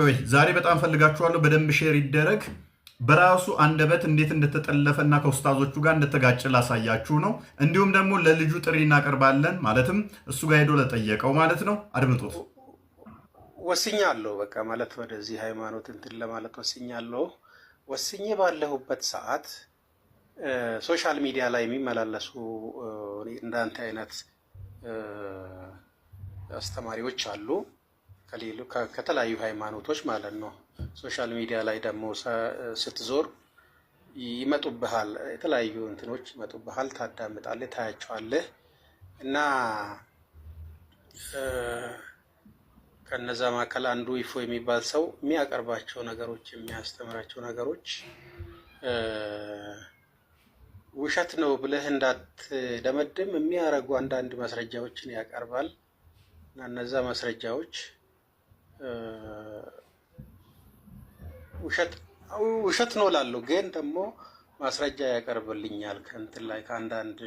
አበበች ዛሬ በጣም ፈልጋችኋለሁ። በደንብ ሼር ይደረግ። በራሱ አንደበት እንዴት እንደተጠለፈ እና ከውስታዞቹ ጋር እንደተጋጭ ላሳያችሁ ነው። እንዲሁም ደግሞ ለልጁ ጥሪ እናቀርባለን። ማለትም እሱ ጋር ሄዶ ለጠየቀው ማለት ነው። አድምጦት ወስኛለሁ። በቃ ማለት ወደዚህ ሃይማኖት እንትን ለማለት ወስኛለሁ። ወስኜ ባለሁበት ሰዓት ሶሻል ሚዲያ ላይ የሚመላለሱ እንዳንተ አይነት አስተማሪዎች አሉ ከተለያዩ ሃይማኖቶች ማለት ነው። ሶሻል ሚዲያ ላይ ደግሞ ስትዞር ይመጡብሃል፣ የተለያዩ እንትኖች ይመጡብሃል። ታዳምጣለህ፣ ታያቸዋለህ እና ከነዛ መካከል አንዱ ይፎ የሚባል ሰው የሚያቀርባቸው ነገሮች የሚያስተምራቸው ነገሮች ውሸት ነው ብለህ እንዳትደመድም የሚያደርጉ አንዳንድ ማስረጃዎችን ያቀርባል እና እነዛ ማስረጃዎች ውሸት ነው ላለሁ ግን ደግሞ ማስረጃ ያቀርብልኛል ከእንትን ላይ ከአንዳንድ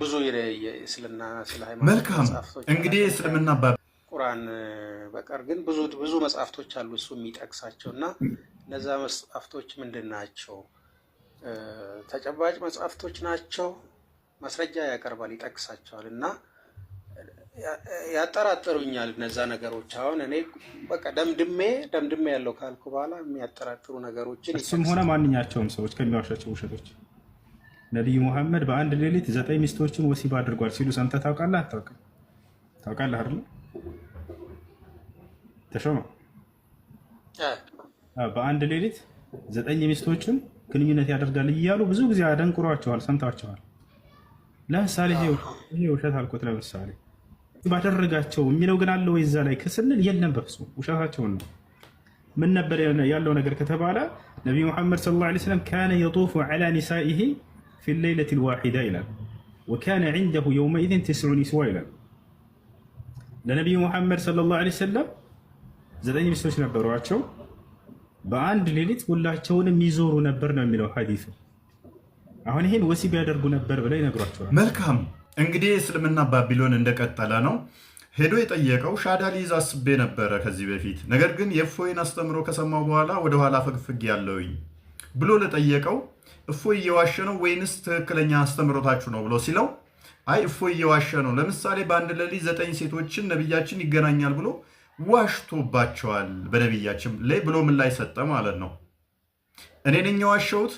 ብዙ እስልምና ስለ መልካም እንግዲህ እስልምና ቁርአን በቀር ግን ብዙ ብዙ መጽሐፍቶች አሉ እሱ የሚጠቅሳቸው እና እነዛ መጽሐፍቶች ምንድን ናቸው? ተጨባጭ መጽሐፍቶች ናቸው። ማስረጃ ያቀርባል፣ ይጠቅሳቸዋል እና ያጠራጥሩኛል እነዛ ነገሮች። አሁን እኔ በቃ ደምድሜ ደምድሜ ያለው ካልኩ በኋላ የሚያጠራጥሩ ነገሮችን እሱም ሆነ ማንኛቸውም ሰዎች ከሚዋሻቸው ውሸቶች ነቢዩ ሙሐመድ በአንድ ሌሊት ዘጠኝ ሚስቶችን ወሲብ አድርጓል ሲሉ ሰምተህ ታውቃለህ? አታውቅም? ታውቃለህ አይደል? ተሾመ በአንድ ሌሊት ዘጠኝ ሚስቶችን ግንኙነት ያደርጋል እያሉ ብዙ ጊዜ አደንቁሯቸዋል፣ ሰምታቸዋል። ለምሳሌ ይሄ ውሸት አልኩት። ለምሳሌ ባደረጋቸው የሚለው ግን አለ ወይ? እዛ ላይ ስንል የለም፣ በፍጹ ውሻታቸውን ነው። ምን ነበር ያለው ነገር ከተባለ ነቢዩ ሙሐመድ ሰለላሁ ዐለይሂ ወሰለም ካነ የጡፉ ዐላ ኒሳኢሂ ፊ ሌይለቲል ዋሒዳ ይላል። ወካነ ዒንደሁ የውመኢዝን ትስዑ ኒስዋ ይላል። ለነቢዩ ሙሐመድ ሰለላሁ ዐለይሂ ወሰለም ዘጠኝ ሚስቶች ነበሯቸው። በአንድ ሌሊት ሁላቸውንም ይዞሩ ነበር ነው የሚለው ሐዲሱ። አሁን ይህን ወሲብ ያደርጉ ነበር ብለው ይነግሯቸዋል። መልካም እንግዲህ እስልምና ባቢሎን እንደቀጠለ ነው። ሄዶ የጠየቀው ሻዳ ሊይዝ አስቤ ነበረ ከዚህ በፊት ነገር ግን የእፎይን አስተምሮ ከሰማው በኋላ ወደኋላ ፈግፍግ ያለውኝ ብሎ ለጠየቀው እፎይ እየዋሸ ነው ወይንስ ትክክለኛ አስተምሮታችሁ ነው ብሎ ሲለው አይ እፎይ እየዋሸ ነው። ለምሳሌ በአንድ ሌሊት ዘጠኝ ሴቶችን ነቢያችን ይገናኛል ብሎ ዋሽቶባቸዋል በነቢያችን ላይ ብሎ ምን ላይ ሰጠ ማለት ነው። እኔ ነኝ የዋሸሁት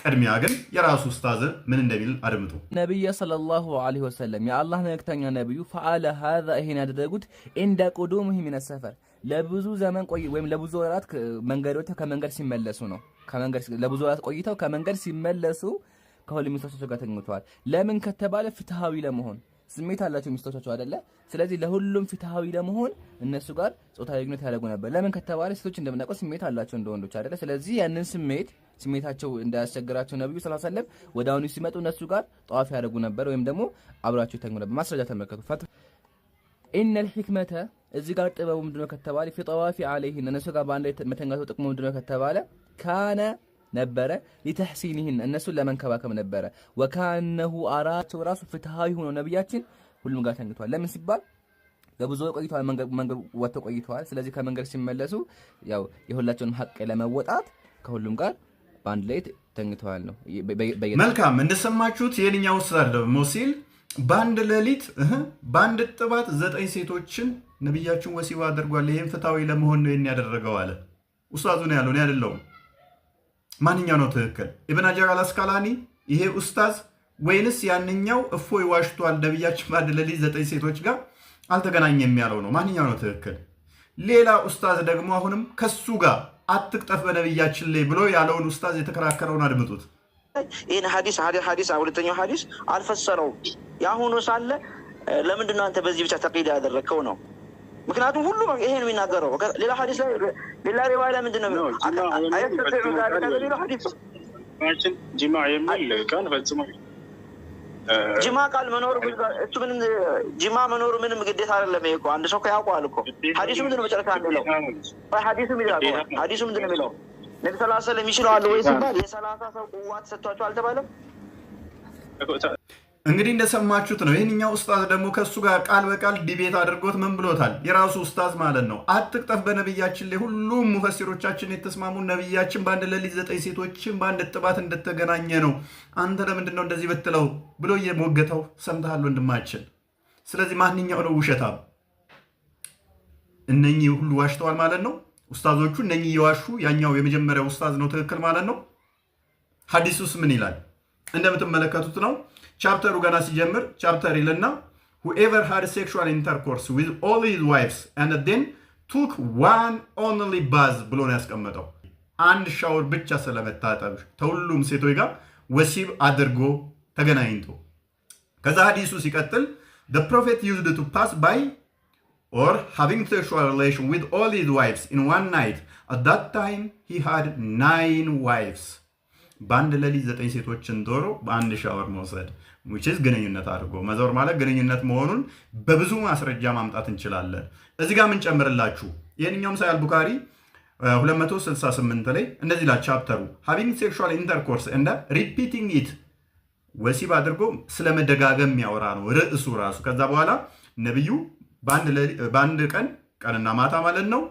ቅድሚያ ግን የራሱ ኡስታዝ ምን እንደሚል አድምጡ። ነቢዩ ሰለላሁ ዐለይሂ ወሰለም የአላህ መልእክተኛ ነቢዩ ፈአለ ሀዛ ይሄን ያደረጉት እንደ ቁዱም ሚነ ሰፈር ለብዙ ዘመን ቆይ ወይም ለብዙ ወራት መንገድ ወጥተው ከመንገድ ሲመለሱ ነው። ከመንገድ ለብዙ ወራት ቆይተው ከመንገድ ሲመለሱ ከሁሉ ሚስቶቻቸው ጋር ተኝተዋል። ለምን ከተባለ ፍትሃዊ ለመሆን ስሜት አላቸው ሚስቶቻቸው አይደለ? ስለዚህ ለሁሉም ፍትሃዊ ለመሆን እነሱ ጋር ጾታዊ ግንኙነት ያደርጉ ነበር። ለምን ከተባለ ሴቶች እንደምናውቀው ስሜት አላቸው እንደወንዶች ወንዶች አይደለ? ስለዚህ ያንን ስሜት ስሜታቸው እንዳያስቸግራቸው ነቢዩ ስ ሰለም ወደ አሁኑ ሲመጡ እነሱ ጋር ጠዋፍ ያደርጉ ነበር፣ ወይም ደግሞ አብራቸው ይተኙ ነበር። ማስረጃ ተመልከቱ። ኢነ ልሕክመተ እዚህ ጋር ጥበቡ ምንድነው ከተባለ ፊ ጠዋፊ አለይህን እነሱ ጋር በአንድ ላይ መተኛቱ ጥቅሙ ምንድነው ከተባለ ካነ ነበረ ሊተሕሲኒህን እነሱን ለመንከባከብ ነበረ። ወካነሁ አራቸው ራሱ ፍትሃዊ ሆኖ ነቢያችን ሁሉም ጋር ተኝቷል። ለምን ሲባል ለብዙ ቆይተዋል፣ መንገድ ወጥተው ቆይተዋል። ስለዚህ ከመንገድ ሲመለሱ ያው የሁላቸውንም ሀቅ ለመወጣት ከሁሉም ጋር በአንድ ላይ ተኝተዋል ነው። መልካም እንደሰማችሁት የኛ ውስጥ ሞሲል በአንድ ሌሊት በአንድ ጥባት ዘጠኝ ሴቶችን ነቢያችን ወሲባ አድርጓል። ይህም ፍትሐዊ ለመሆን ነው ያደረገው አለ ኡስታዙ ነው ያለው፣ እኔ አይደለሁም። ማንኛው ነው ትክክል? ኢብን ሀጀር አላስካላኒ ይሄ ኡስታዝ ወይንስ ያንኛው እፎ ይዋሽቷል? ነቢያችን በአንድ ሌሊት ዘጠኝ ሴቶች ጋር አልተገናኘም ያለው ነው? ማንኛው ነው ትክክል? ሌላ ኡስታዝ ደግሞ አሁንም ከሱ ጋር አትቅጠፍ በነብያችን ላይ ብሎ ያለውን ኡስታዝ የተከራከረውን አድምጡት። ይህን ሀዲስ ሀዲስ ሁለተኛው ሀዲስ አልፈሰረውም። የአሁኑ ሳለ ለምንድን ነው አንተ በዚህ ብቻ ተቂድ ያደረግከው ነው? ምክንያቱም ሁሉ ይሄ ነው የሚናገረው። ሌላ ሀዲስ ላይ ሌላ ሪዋያ ላይ ምንድን ነው ሌላ ሀዲስ ጅማዕ የሚል ቃል ፈጽሞ ጅማ ቃል መኖሩ እሱ ምንም ጅማ መኖሩ ምንም ግዴታ አይደለም። ይሄ እኮ አንድ ሰው እኮ ያውቀዋል እኮ። ሀዲሱ ምንድን ነው መጨረሻ የሚለው? ሀዲሱ ሀዲሱ ምንድን ነው የሚለው? ነቢ ሰላሳ ለም ይችለዋል ወይ ሲባል የሰላሳ ሰው ቁዋት ሰጥቷቸው አልተባለም። እንግዲህ እንደሰማችሁት ነው። ይህንኛው ኡስታዝ ደግሞ ከእሱ ጋር ቃል በቃል ዲቤት አድርጎት ምን ብሎታል? የራሱ ኡስታዝ ማለት ነው። አትቅጠፍ በነብያችን ላይ ሁሉም ሙፈሲሮቻችን የተስማሙ ነብያችን በአንድ ሌሊት ዘጠኝ ሴቶችን በአንድ ጥባት እንደተገናኘ ነው። አንተ ለምንድን ነው እንደዚህ ብትለው ብሎ እየሞገተው ሰምተሃል ወንድማችን። ስለዚህ ማንኛው ነው ውሸታም? እነኚህ ሁሉ ዋሽተዋል ማለት ነው ኡስታዞቹ። እነኚህ እየዋሹ ያኛው የመጀመሪያው ኡስታዝ ነው ትክክል ማለት ነው። ሀዲሱስ ምን ይላል? እንደምትመለከቱት ነው ቻፕተሩ ገና ሲጀምር ቻፕተር ይልና ሁኤቨር ሃድ ሴክሹዋል ኢንተርኮርስ ዊዝ ኦል ሂዝ ዋይፍስ ኤንድ ዴን ቱክ ዋን ኦንሊ ባዝ ብሎ ነው ያስቀመጠው። አንድ ሻወር ብቻ ስለመታጠብ ከሁሉም ሴቶች ጋር ወሲብ አድርጎ ተገናኝቶ። ከዛ ሀዲሱ ሲቀጥል ዘ ፕሮፌት ዩዝድ ቱ ፓስ ባይ ኦር ሃቪንግ ሴክሹዋል ሪሌሽን ዊዝ ኦል ሂዝ ዋይፍስ ኢን ዋን ናይት አት ዛት ታይም ሂ ሃድ ናይን ዋይፍስ በአንድ ሌሊት ዘጠኝ ሴቶችን ዶሮ በአንድ ሻወር መውሰድ ዊችዝ ግንኙነት አድርጎ መዞር ማለት ግንኙነት መሆኑን በብዙ ማስረጃ ማምጣት እንችላለን። እዚህ ጋር የምንጨምርላችሁ ይህንኛውም ሳያል ቡካሪ 268 ላይ እንደዚህ ላ ቻፕተሩ ሃቪንግ ሴክሹዋል ኢንተርኮርስ እንደ ሪፒቲንግ ኢት ወሲብ አድርጎ ስለመደጋገም የሚያወራ ነው ርዕሱ ራሱ። ከዛ በኋላ ነቢዩ በአንድ ቀን ቀንና ማታ ማለት ነው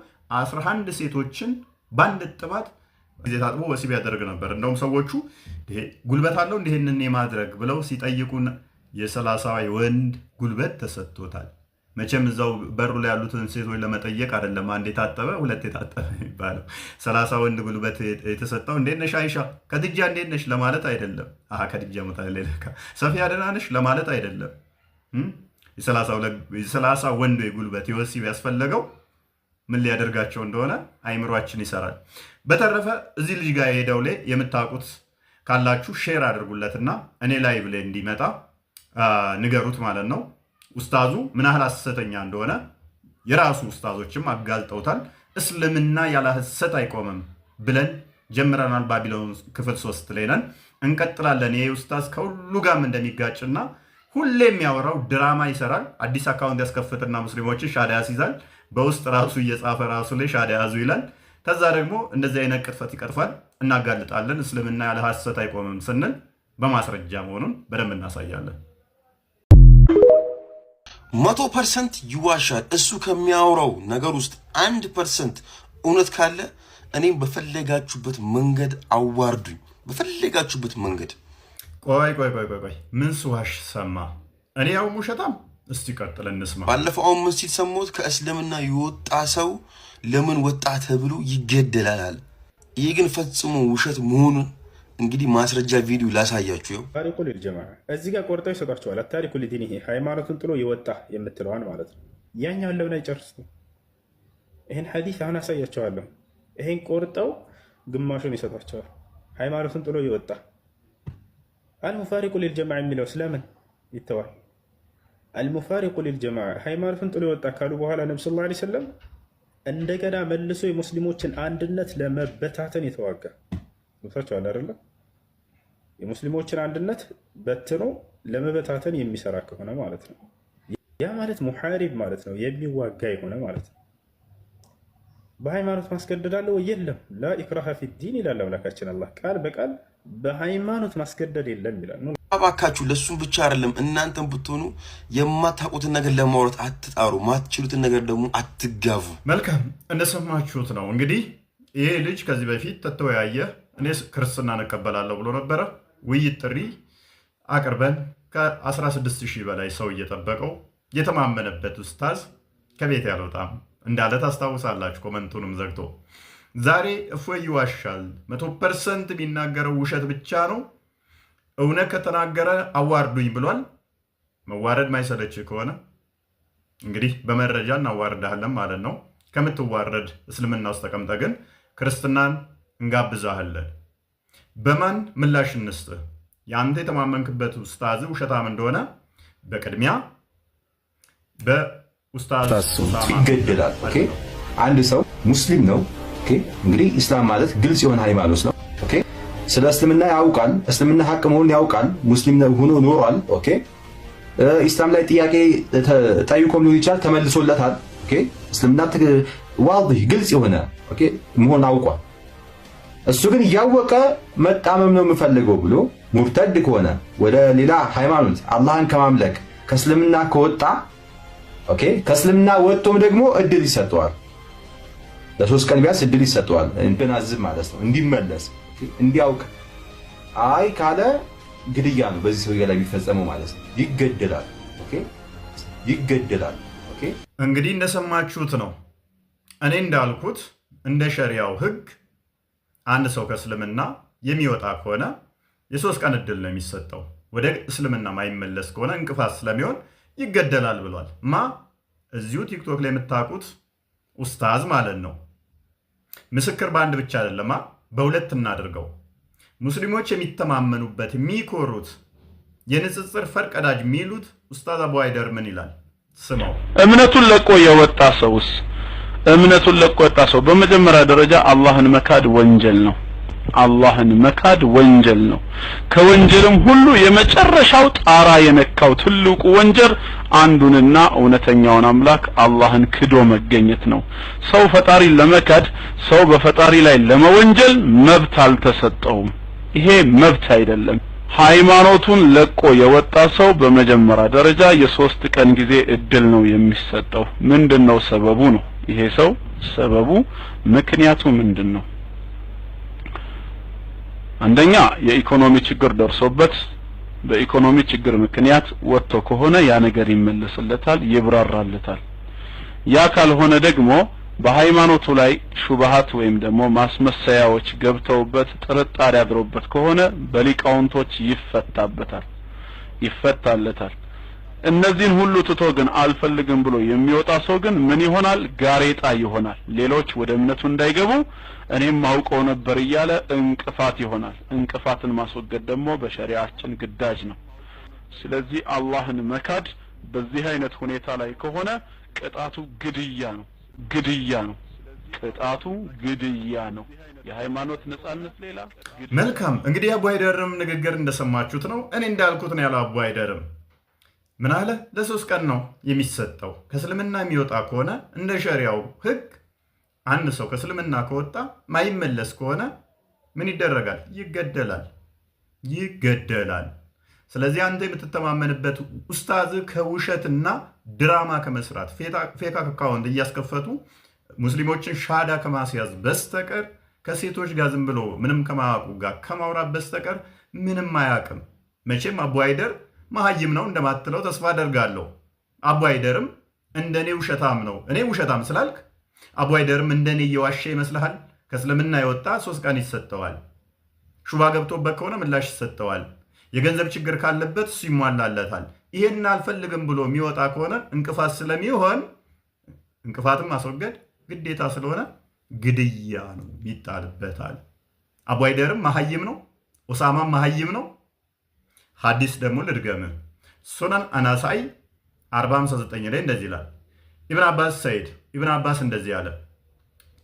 11 ሴቶችን በአንድ ጥባት ጊዜ ታጥቦ ወሲብ ያደርግ ነበር። እንደውም ሰዎቹ ጉልበት አለው እንዲህንን የማድረግ ብለው ሲጠይቁን የሰላሳዊ ወንድ ጉልበት ተሰጥቶታል። መቼም እዛው በሩ ላይ ያሉትን ሴቶች ለመጠየቅ አይደለም። አንድ የታጠበ ሁለት የታጠበ የሚባለው ሰላሳ ወንድ ጉልበት የተሰጠው እንዴት ነሽ አይሻ ከድጃ እንዴት ነሽ ለማለት አይደለም። ከድጃ መታ ሰፊያ ደህና ነሽ ለማለት አይደለም። የሰላሳ ወንድ ጉልበት የወሲብ ያስፈለገው ምን ሊያደርጋቸው እንደሆነ አይምሯችን ይሰራል። በተረፈ እዚህ ልጅ ጋር የሄደው ላይ የምታውቁት ካላችሁ ሼር አድርጉለትና እኔ ላይ ብለ እንዲመጣ ንገሩት ማለት ነው። ኡስታዙ ምን ያህል ሐሰተኛ እንደሆነ የራሱ ኡስታዞችም አጋልጠውታል። እስልምና ያለ ሐሰት አይቆምም ብለን ጀምረናል። ባቢሎን ክፍል ሶስት ላይ ነን፣ እንቀጥላለን። ይሄ ኡስታዝ ከሁሉ ጋርም እንደሚጋጭና ሁሌ የሚያወራው ድራማ ይሰራል። አዲስ አካውንት ያስከፍትና ሙስሊሞችን ሻዳ ያስይዛል። በውስጥ ራሱ እየጻፈ ራሱ ላይ ሻዳ ያዙ ይላል። ከዛ ደግሞ እንደዚህ አይነት ቅጥፈት ይቀጥፋል፣ እናጋልጣለን። እስልምና ያለ ሀሰት አይቆምም ስንል በማስረጃ መሆኑን በደንብ እናሳያለን። መቶ ፐርሰንት ይዋሻል። እሱ ከሚያወራው ነገር ውስጥ አንድ ፐርሰንት እውነት ካለ እኔም በፈለጋችሁበት መንገድ አዋርዱኝ፣ በፈለጋችሁበት መንገድ። ቆይ ቆይ ቆይ ቆይ፣ ምን ስዋሽ ሰማ? እኔ ያውም ውሸታም እስቲ ቀጥለ እንስማ። ባለፈው አሁን ምን ሲል ሰሞት ከእስልምና የወጣ ሰው ለምን ወጣ ተብሎ ይገደላል። ይህ ግን ፈጽሞ ውሸት መሆኑን እንግዲህ ማስረጃ ቪዲዮ ላሳያችሁ። ው ታሪኩ ልጀማ እዚህ ጋር ቆርጠው ይሰጧቸዋል። ታሪኩ ልዲን ይሄ ሃይማኖቱን ጥሎ የወጣ የምትለዋን ማለት ነው። ያኛውን ለምን አይጨርስ? ይህን ሐዲስ አሁን አሳያቸዋለሁ። ይሄን ቆርጠው ግማሹን ይሰጧቸዋል። ሃይማኖቱን ጥሎ የወጣ አልሙፋሪቁ ልልጀማ የሚለው ስለምን ይተዋል? አልሙፋሪቁ ሊልጀማዓ ሃይማኖትን ጥሎ የወጣ ካሉ በኋላ ነቢ ሰለላሁ ዓለይሂ ወሰለም እንደገና መልሶ የሙስሊሞችን አንድነት ለመበታተን የተዋጋ ገብታችኋል አይደለ? የሙስሊሞችን አንድነት በትኖ ለመበታተን የሚሰራ ከሆነ ማለት ነው። ያ ማለት ሙሐሪብ ማለት ነው፣ የሚዋጋ የሆነ ማለት ነው። በሃይማኖት ማስገደድ አለው የለም። ላ ኢክራሃ ፊዲን ይላል አምላካችን አላህ ቃል በቃል በሃይማኖት ማስገደድ የለም ይላል። አባካችሁ ለእሱም ብቻ አይደለም፣ እናንተም ብትሆኑ የማታውቁትን ነገር ለማውረት አትጣሩ፣ ማትችሉትን ነገር ደግሞ አትጋቡ መልካም እንደሰማችሁት ነው እንግዲህ ይሄ ልጅ ከዚህ በፊት ተተወያየ እኔ ክርስትና እቀበላለሁ ብሎ ነበረ። ውይይት ጥሪ አቅርበን ከ16 ሺህ በላይ ሰው እየጠበቀው የተማመነበት ኡስታዝ ከቤት ያልወጣም እንዳለ ታስታውሳላችሁ። ኮመንቱንም ዘግቶ ዛሬ እፎ ይዋሻል። መቶ ፐርሰንት የሚናገረው ውሸት ብቻ ነው። እውነት ከተናገረ አዋርዱኝ ብሏል። መዋረድ ማይሰለች ከሆነ እንግዲህ በመረጃ እናዋርዳለን ማለት ነው። ከምትዋረድ እስልምና ውስጥ ተቀምጠ ግን ክርስትናን እንጋብዛሃለን። በማን ምላሽ እንስጥ? የአንተ የተማመንክበት ውስታዝ ውሸታም እንደሆነ በቅድሚያ በውስታዝ ይገደላል። አንድ ሰው ሙስሊም ነው እንግዲህ ኢስላም ማለት ግልጽ የሆነ ሃይማኖት ነው። ስለ እስልምና ያውቃል፣ እስልምና ሀቅ መሆኑን ያውቃል፣ ሙስሊም ሆኖ ኖሯል። ኢስላም ላይ ጥያቄ ጠይቆም ሊሆን ይችላል፣ ተመልሶለታል። እስልምና ዋህ ግልጽ የሆነ መሆን አውቋል። እሱ ግን እያወቀ መጣመም ነው የምፈልገው ብሎ ሙርተድ ከሆነ ወደ ሌላ ሃይማኖት አላህን ከማምለክ ከእስልምና ከወጣ ከእስልምና ወጥቶም ደግሞ እድል ይሰጠዋል። ለሶስት ቀን ቢያንስ እድል ይሰጠዋል። እንድናዝብ ማለት ነው እንዲመለስ እንዲያውቅ። አይ ካለ ግድያ ነው በዚህ ሰውዬ ላይ የሚፈጸመው ማለት ነው። ይገደላል። ኦኬ ይገደላል። ኦኬ እንግዲህ እንደሰማችሁት ነው። እኔ እንዳልኩት እንደ ሸሪያው ህግ አንድ ሰው ከእስልምና የሚወጣ ከሆነ የሶስት ቀን እድል ነው የሚሰጠው። ወደ እስልምና ማይመለስ ከሆነ እንቅፋት ስለሚሆን ይገደላል ብሏል። ማ እዚሁ ቲክቶክ ላይ የምታውቁት ኡስታዝ ማለት ነው። ምስክር በአንድ ብቻ አይደለማ፣ በሁለት እናድርገው። ሙስሊሞች የሚተማመኑበት የሚኮሩት የንጽጽር ፈር ቀዳጅ የሚሉት ኡስታዝ አቡ አይደር ምን ይላል? ስማው። እምነቱን ለቆ የወጣ ሰውስ? እምነቱን ለቆ የወጣ ሰው በመጀመሪያ ደረጃ አላህን መካድ ወንጀል ነው። አላህን መካድ ወንጀል ነው ከወንጀልም ሁሉ የመጨረሻው ጣራ የነካው ትልቁ ወንጀል አንዱንና እውነተኛውን አምላክ አላህን ክዶ መገኘት ነው ሰው ፈጣሪ ለመካድ ሰው በፈጣሪ ላይ ለመወንጀል መብት አልተሰጠውም ይሄ መብት አይደለም ሃይማኖቱን ለቆ የወጣ ሰው በመጀመሪያ ደረጃ የሶስት ቀን ጊዜ እድል ነው የሚሰጠው ምንድነው ሰበቡ ነው ይሄ ሰው ሰበቡ ምክንያቱ ምንድነው አንደኛ የኢኮኖሚ ችግር ደርሶበት በኢኮኖሚ ችግር ምክንያት ወጥቶ ከሆነ ያ ነገር ይመለስለታል፣ ይብራራለታል። ያ ካልሆነ ደግሞ በሃይማኖቱ ላይ ሹብሃት ወይም ደግሞ ማስመሰያዎች ገብተውበት ጥርጣሬ አድሮበት ከሆነ በሊቃውንቶች ይፈታበታል፣ ይፈታለታል። እነዚህን ሁሉ ትቶ ግን አልፈልግም ብሎ የሚወጣ ሰው ግን ምን ይሆናል? ጋሬጣ ይሆናል። ሌሎች ወደ እምነቱ እንዳይገቡ እኔም አውቀው ነበር እያለ እንቅፋት ይሆናል። እንቅፋትን ማስወገድ ደግሞ በሸሪዓችን ግዳጅ ነው። ስለዚህ አላህን መካድ በዚህ አይነት ሁኔታ ላይ ከሆነ ቅጣቱ ግድያ ነው። ግድያ ነው። ቅጣቱ ግድያ ነው። የሃይማኖት ነጻነት ሌላ። መልካም እንግዲህ አቡ አይደርም ንግግር እንደሰማችሁት ነው። እኔ እንዳልኩት ነው ያለው አቡ አይደርም። ምን አለ? ለሶስት ቀን ነው የሚሰጠው። ከእስልምና የሚወጣ ከሆነ እንደ ሸሪያው ህግ አንድ ሰው ከእስልምና ከወጣ ማይመለስ ከሆነ ምን ይደረጋል? ይገደላል። ይገደላል። ስለዚህ አንተ የምትተማመንበት ኡስታዝ ከውሸትና ድራማ ከመስራት ፌክ አካውንት እያስከፈቱ ሙስሊሞችን ሻዳ ከማስያዝ በስተቀር ከሴቶች ጋር ዝም ብሎ ምንም ከማያውቁ ጋር ከማውራት በስተቀር ምንም አያውቅም። መቼም አቡ አይደር መሀይም ነው እንደማትለው ተስፋ አደርጋለሁ። አቡ አይደርም እንደኔ ውሸታም ነው። እኔ ውሸታም ስላልክ አቡ አይደርም እንደኔ እየዋሸ ይመስልሃል? ከእስልምና የወጣ ሶስት ቀን ይሰጠዋል። ሹባ ገብቶበት ከሆነ ምላሽ ይሰጠዋል። የገንዘብ ችግር ካለበት እሱ ይሟላለታል። ይሄን አልፈልግም ብሎ የሚወጣ ከሆነ እንቅፋት ስለሚሆን እንቅፋትም ማስወገድ ግዴታ ስለሆነ ግድያ ነው ይጣልበታል። አቡ አይደርም መሀይም ነው። ኦሳማም መሀይም ነው። ሀዲስ ደግሞ ልድገም ሱነን አናሳይ 459 ላይ እንደዚህ ይላል ኢብን አባስ ሰይድ ኢብን አባስ እንደዚህ አለ፣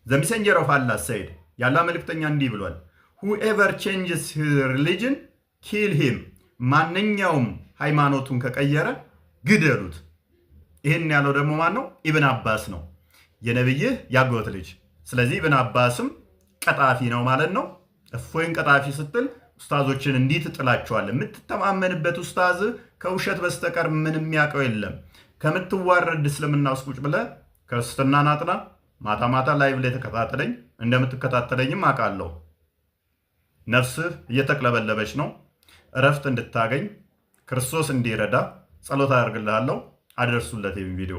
ዘ ሚሰንጀር ኦፍ አላ ሰይድ ያላ መልክተኛ እንዲህ ብሏል፣ ሁኤቨር ቼንጅስ ሪሊጅን ኪል ሂም፣ ማንኛውም ሃይማኖቱን ከቀየረ ግደሉት። ይህን ያለው ደግሞ ማን ነው? ኢብን አባስ ነው፣ የነብይህ ያጎት ልጅ። ስለዚህ ኢብን አባስም ቀጣፊ ነው ማለት ነው። እፎይን ቀጣፊ ስትል ኡስታዞችን እንዲህ ትጥላቸዋለህ። የምትተማመንበት ኡስታዝ ከውሸት በስተቀር ምንም ያውቀው የለም። ከምትዋረድ እስልምና ውስጥ ቁጭ ብለህ ክርስትና ናጥና ማታ ማታ ላይቭ ላይ ተከታተለኝ። እንደምትከታተለኝም አውቃለሁ። ነፍስህ እየተቅለበለበች ነው። እረፍት እንድታገኝ ክርስቶስ እንዲረዳ ጸሎት አደርግልሃለሁ። አደርሱለት ቪዲዮ